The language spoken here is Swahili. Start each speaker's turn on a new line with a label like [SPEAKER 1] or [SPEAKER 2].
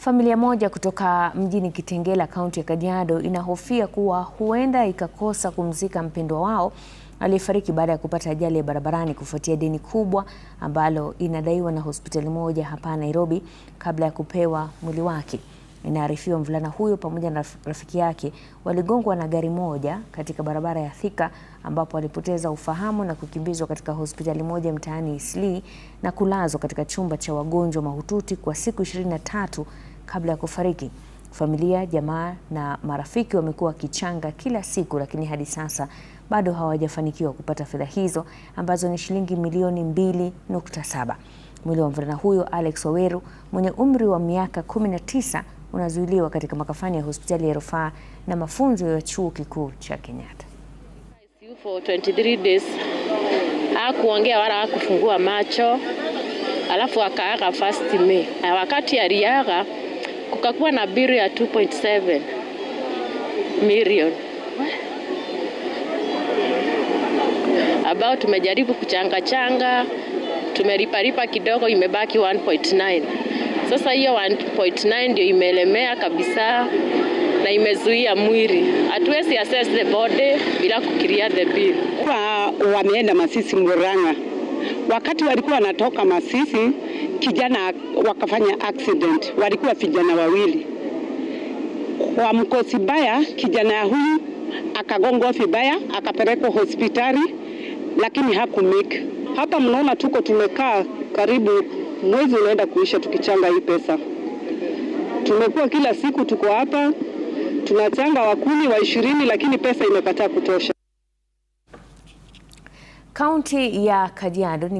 [SPEAKER 1] Familia moja kutoka mjini Kitengela, kaunti ya Kajiado inahofia kuwa huenda ikakosa kumzika mpendwa wao aliyefariki baada ya kupata ajali ya barabarani kufuatia deni kubwa ambalo inadaiwa na hospitali moja hapa Nairobi kabla ya kupewa mwili wake. Inaarifiwa mvulana huyo pamoja na rafiki yake waligongwa na gari moja katika barabara ya Thika ambapo walipoteza ufahamu na kukimbizwa katika hospitali moja mtaani isli na kulazwa katika chumba cha wagonjwa mahututi kwa siku 23 kabla ya kufariki. Familia, jamaa na marafiki wamekuwa wakichanga kila siku, lakini hadi sasa bado hawajafanikiwa kupata fedha hizo ambazo ni shilingi milioni 2.7. Mwili wa mvulana huyo Alex Waweru mwenye umri wa miaka 19 unazuiliwa katika makafani ya hospitali ya rufaa na mafunzo ya chuo kikuu cha Kenyatta.
[SPEAKER 2] For 23 days hakuongea wala hakufungua macho, alafu akaaga first May, wakati aliaga kukakuwa na biru ya 2.7 million ambao tumejaribu kuchanga changa, tumeriparipa kidogo, imebaki 1.9. Sasa hiyo 1.9 ndio imelemea kabisa na imezuia mwili. Hatuwezi assess the body bila kukiria the bill.
[SPEAKER 3] Wameenda Masisi Murang'a Wakati walikuwa wanatoka Masisi, kijana wakafanya accident, walikuwa vijana wawili. Kwa mkosi baya, kijana huyu akagongwa vibaya, akapelekwa hospitali, lakini hakumake. Hapa mnaona tuko tumekaa karibu mwezi unaenda kuisha tukichanga hii pesa. Tumekuwa kila siku tuko hapa tunachanga wakuni wa ishirini, lakini pesa imekataa kutosha. Kaunti ya Kajiado ni